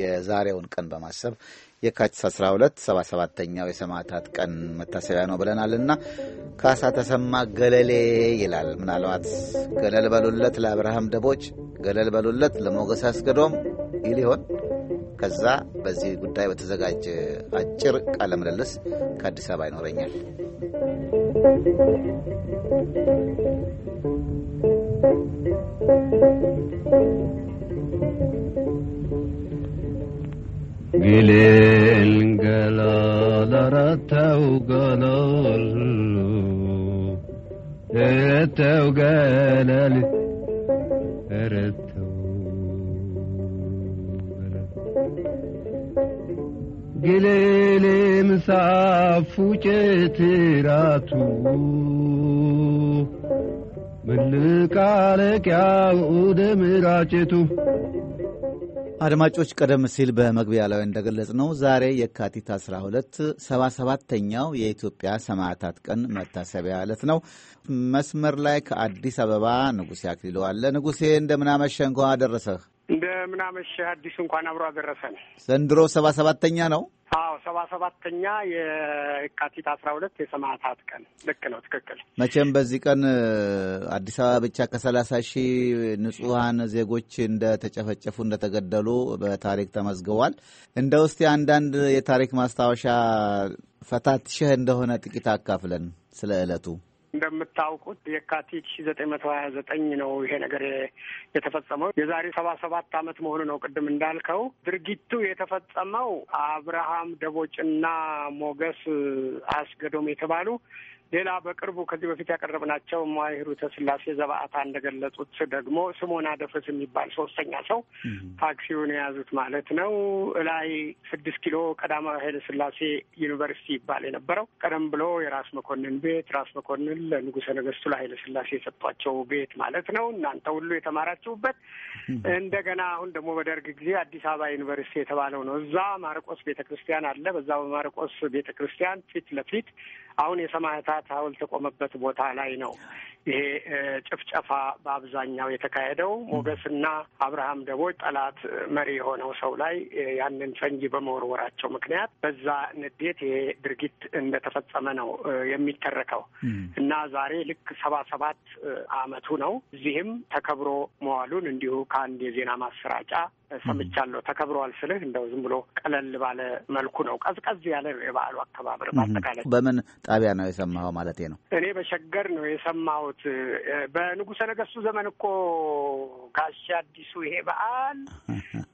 የዛሬውን ቀን በማሰብ የካቲት 12 77ኛው የሰማዕታት ቀን መታሰቢያ ነው እና ካሳ ተሰማ ገለሌ ይላል። ምናልባት ገለል በሉለት ለአብርሃም ደቦች፣ ገለል በሉለት ለሞገስ አስገዶም ይል ይሆን? ከዛ በዚህ ጉዳይ በተዘጋጀ አጭር ቃለ ምልልስ ከአዲስ አበባ ይኖረኛል። Thank you. ግሌል ገላል አራተው ገላል እተው ገላል እረተው ግሌል ምሳፉ ጭትራቱ ምልቃለቅያው ደምራጭቱ አድማጮች ቀደም ሲል በመግቢያ ላይ እንደገለጽ ነው ዛሬ የካቲት 12 77ተኛው የኢትዮጵያ ሰማዕታት ቀን መታሰቢያ ዕለት ነው። መስመር ላይ ከአዲስ አበባ ንጉሴ አክሊለዋለ። አለ። ንጉሴ እንደምናመሸ እንኳ አደረሰህ። እንደምናመሽ አዲሱ እንኳን አብሮ አደረሰን። ዘንድሮ ሰባ ሰባተኛ ነው። አዎ ሰባ ሰባተኛ የካቲት አስራ ሁለት የሰማዕታት ቀን ልክ ነው፣ ትክክል። መቼም በዚህ ቀን አዲስ አበባ ብቻ ከሰላሳ ሺህ ንጹሐን ዜጎች እንደተጨፈጨፉ እንደተገደሉ በታሪክ ተመዝግቧል። እንደ ውስጥ አንዳንድ የታሪክ ማስታወሻ ፈታትሸህ እንደሆነ ጥቂት አካፍለን ስለ ዕለቱ እንደምታውቁት የካቲት ሺ ዘጠኝ መቶ ሀያ ዘጠኝ ነው ይሄ ነገር የተፈጸመው። የዛሬ ሰባ ሰባት አመት መሆኑ ነው። ቅድም እንዳልከው ድርጊቱ የተፈጸመው አብርሃም ደቦጭና ሞገስ አስገዶም የተባሉ ሌላ በቅርቡ ከዚህ በፊት ያቀረብናቸው ማሂሩተ ተስላሴ ዘባአታ እንደገለጹት ደግሞ ስሞና ደፈስ የሚባል ሶስተኛ ሰው ታክሲውን የያዙት ማለት ነው እላይ ስድስት ኪሎ ቀዳማዊ ኃይለ ስላሴ ዩኒቨርሲቲ ይባል የነበረው ቀደም ብሎ የራስ መኮንን ቤት ራስ መኮንን ለንጉሰ ነገስቱ ለኃይለ ስላሴ የሰጧቸው ቤት ማለት ነው። እናንተ ሁሉ የተማራችሁበት እንደገና አሁን ደግሞ በደርግ ጊዜ አዲስ አበባ ዩኒቨርሲቲ የተባለው ነው። እዛ ማርቆስ ቤተ ክርስቲያን አለ። በዛ በማርቆስ ቤተ ክርስቲያን ፊት ለፊት አሁን የሰማዕታት ሐውልት የቆመበት ቦታ ላይ ነው። ይሄ ጭፍጨፋ በአብዛኛው የተካሄደው ሞገስና አብርሃም ደቦች ጠላት መሪ የሆነው ሰው ላይ ያንን ፈንጂ በመወርወራቸው ምክንያት በዛ ንዴት ይሄ ድርጊት እንደተፈጸመ ነው የሚተረከው እና ዛሬ ልክ ሰባ ሰባት አመቱ ነው። እዚህም ተከብሮ መዋሉን እንዲሁ ከአንድ የዜና ማሰራጫ ሰምቻለሁ። ተከብረዋል ስልህ እንደው ዝም ብሎ ቀለል ባለ መልኩ ነው። ቀዝቀዝ ያለ የበዓሉ አከባበር በአጠቃላይ። በምን ጣቢያ ነው የሰማኸው ማለት ነው? እኔ በሸገር ነው የሰማሁት። ያሉት። በንጉሰ ነገስቱ ዘመን እኮ ጋሻ አዲሱ ይሄ በዓል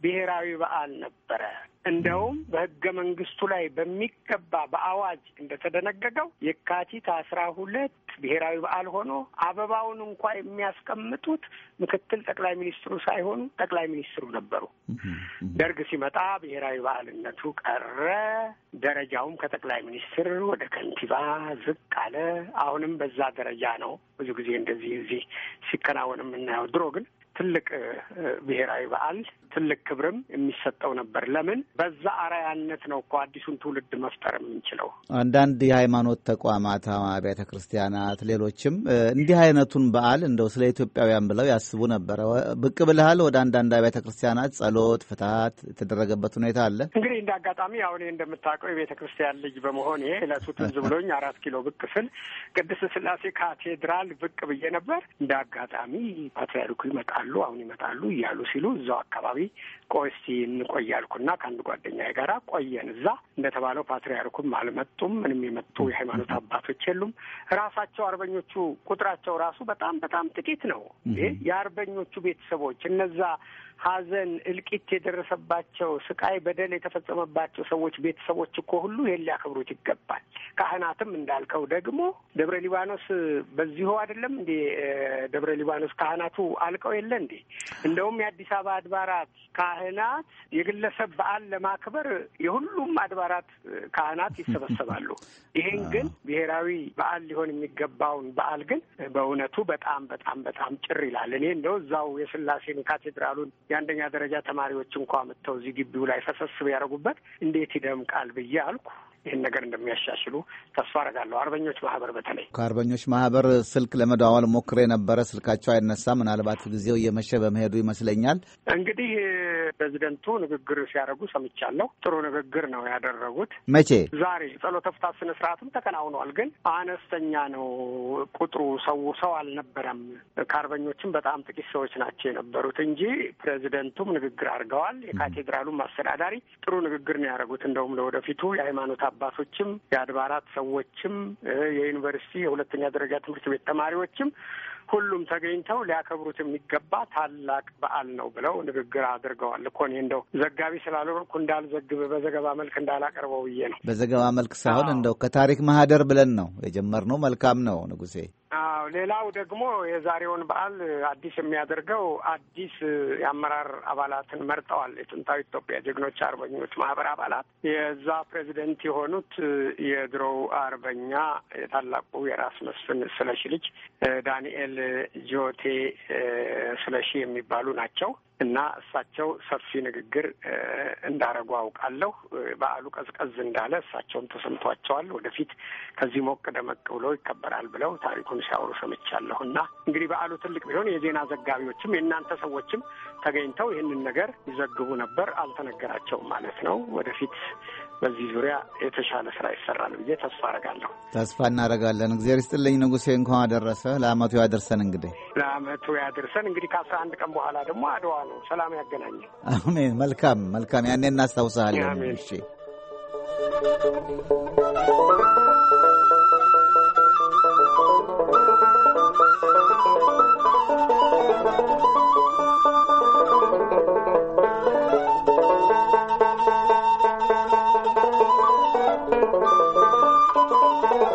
ብሔራዊ በዓል ነበረ። እንደውም በህገ መንግስቱ ላይ በሚገባ በአዋጅ እንደተደነገገው የካቲት አስራ ሁለት ብሔራዊ በዓል ሆኖ አበባውን እንኳ የሚያስቀምጡት ምክትል ጠቅላይ ሚኒስትሩ ሳይሆኑ ጠቅላይ ሚኒስትሩ ነበሩ። ደርግ ሲመጣ ብሔራዊ በዓልነቱ ቀረ። ደረጃውም ከጠቅላይ ሚኒስትር ወደ ከንቲባ ዝቅ አለ። አሁንም በዛ ደረጃ ነው። ብዙ ጊዜ እንደዚህ እዚህ ሲከናወን የምናየው። ድሮ ግን ትልቅ ብሔራዊ በዓል ትልቅ ክብርም የሚሰጠው ነበር። ለምን በዛ አራያነት ነው እኮ አዲሱን ትውልድ መፍጠር የምንችለው። አንዳንድ የሃይማኖት ተቋማት አብያተ ክርስቲያናት፣ ሌሎችም እንዲህ አይነቱን በዓል እንደው ስለ ኢትዮጵያውያን ብለው ያስቡ ነበረ። ብቅ ብልሃል ወደ አንዳንድ አብያተ ክርስቲያናት ጸሎት፣ ፍትሀት የተደረገበት ሁኔታ አለ። እንግዲህ እንደ አጋጣሚ አሁን እንደምታውቀው የቤተ ክርስቲያን ልጅ ይሄ እለቱ ትዝ ብሎኝ አራት ኪሎ ብቅ ስል ቅድስት ስላሴ ካቴድራል ብቅ ብዬ ነበር። እንደ አጋጣሚ ፓትሪያርኩ ይመጣሉ፣ አሁን ይመጣሉ እያሉ ሲሉ እዛው አካባቢ ቆይ እስቲ እንቆይ ከአንድ ጓደኛ ጋራ ቆየን። እዛ እንደተባለው ፓትሪያርኩም አልመጡም። ምንም የመጡ የሃይማኖት አባቶች የሉም። ራሳቸው አርበኞቹ ቁጥራቸው ራሱ በጣም በጣም ጥቂት ነው። የአርበኞቹ ቤተሰቦች እነዛ ሐዘን፣ እልቂት የደረሰባቸው ስቃይ፣ በደል የተፈጸመባቸው ሰዎች ቤተሰቦች እኮ ሁሉ ይሄን ሊያከብሩት ይገባል። ካህናትም እንዳልከው ደግሞ ደብረ ሊባኖስ በዚሁ አይደለም እንዴ? ደብረ ሊባኖስ ካህናቱ አልቀው የለ እንዴ? እንደውም የአዲስ አበባ አድባራት ካህናት የግለሰብ በዓል ለማክበር የሁሉም አድባራት ካህናት ይሰበሰባሉ። ይሄን ግን ብሔራዊ በዓል ሊሆን የሚገባውን በዓል ግን በእውነቱ በጣም በጣም በጣም ጭር ይላል። እኔ እንደው እዛው የስላሴን ካቴድራሉን የአንደኛ ደረጃ ተማሪዎች እንኳ መጥተው እዚህ ግቢው ላይ ፈሰስ ያደረጉበት እንዴት ይደምቃል ብዬ አልኩ። ይህን ነገር እንደሚያሻሽሉ ተስፋ አረጋለሁ። አርበኞች ማህበር በተለይ ከአርበኞች ማህበር ስልክ ለመደዋወል ሞክሬ ነበረ። ስልካቸው አይነሳ። ምናልባት ጊዜው እየመሸ በመሄዱ ይመስለኛል። እንግዲህ ፕሬዚደንቱ ንግግር ሲያደርጉ ሰምቻለሁ። ጥሩ ንግግር ነው ያደረጉት። መቼ? ዛሬ ጸሎተ ፍታት ስነ ስርዓትም ተከናውኗል። ግን አነስተኛ ነው ቁጥሩ። ሰው ሰው አልነበረም። ከአርበኞችም በጣም ጥቂት ሰዎች ናቸው የነበሩት እንጂ ፕሬዚደንቱም ንግግር አድርገዋል። የካቴድራሉም አስተዳዳሪ ጥሩ ንግግር ነው ያደረጉት። እንደውም ለወደፊቱ የሃይማኖት አባቶችም የአድባራት ሰዎችም የዩኒቨርሲቲ የሁለተኛ ደረጃ ትምህርት ቤት ተማሪዎችም ሁሉም ተገኝተው ሊያከብሩት የሚገባ ታላቅ በዓል ነው ብለው ንግግር አድርገዋል። እኮ እኔ እንደው ዘጋቢ ስላልሆንኩ እንዳልዘግብ በዘገባ መልክ እንዳላቀርበው ብዬ ነው። በዘገባ መልክ ሳይሆን እንደው ከታሪክ ማህደር ብለን ነው የጀመርነው። መልካም ነው ንጉሴ። አዎ ሌላው ደግሞ የዛሬውን በዓል አዲስ የሚያደርገው አዲስ የአመራር አባላትን መርጠዋል። የጥንታዊ ኢትዮጵያ ጀግኖች አርበኞች ማህበር አባላት የዛ ፕሬዚደንት የሆኑት የድሮው አርበኛ የታላቁ የራስ መስፍን ስለሺ ልጅ ዳንኤል ጆቴ ስለሺ የሚባሉ ናቸው። እና እሳቸው ሰፊ ንግግር እንዳረጉ አውቃለሁ። በዓሉ ቀዝቀዝ እንዳለ እሳቸውም ተሰምቷቸዋል። ወደፊት ከዚህ ሞቅ ደመቅ ብሎ ይከበራል ብለው ታሪኩን ሲያወሩ ሰምቻለሁ። እና እንግዲህ በዓሉ ትልቅ ቢሆን የዜና ዘጋቢዎችም የእናንተ ሰዎችም ተገኝተው ይህንን ነገር ይዘግቡ ነበር። አልተነገራቸውም ማለት ነው። ወደፊት በዚህ ዙሪያ የተሻለ ስራ ይሰራል ብዬ ተስፋ አረጋለሁ። ተስፋ እናደረጋለን። እግዚአብሔር ይስጥልኝ ንጉሴ፣ እንኳን አደረሰ። ለአመቱ ያደርሰን። እንግዲህ ለአመቱ ያደርሰን። እንግዲህ ከአስራ አንድ ቀን በኋላ ደግሞ አድዋ ነው። ሰላም ያገናኘ። አሜን። መልካም መልካም። ያኔ እናስታውሳለን። እሺ Thank you.